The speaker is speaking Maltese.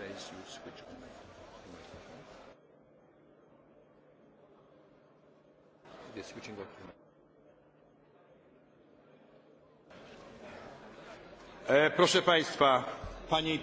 days you switch on the microphone. The switching the e, Proszę Państwa, Pani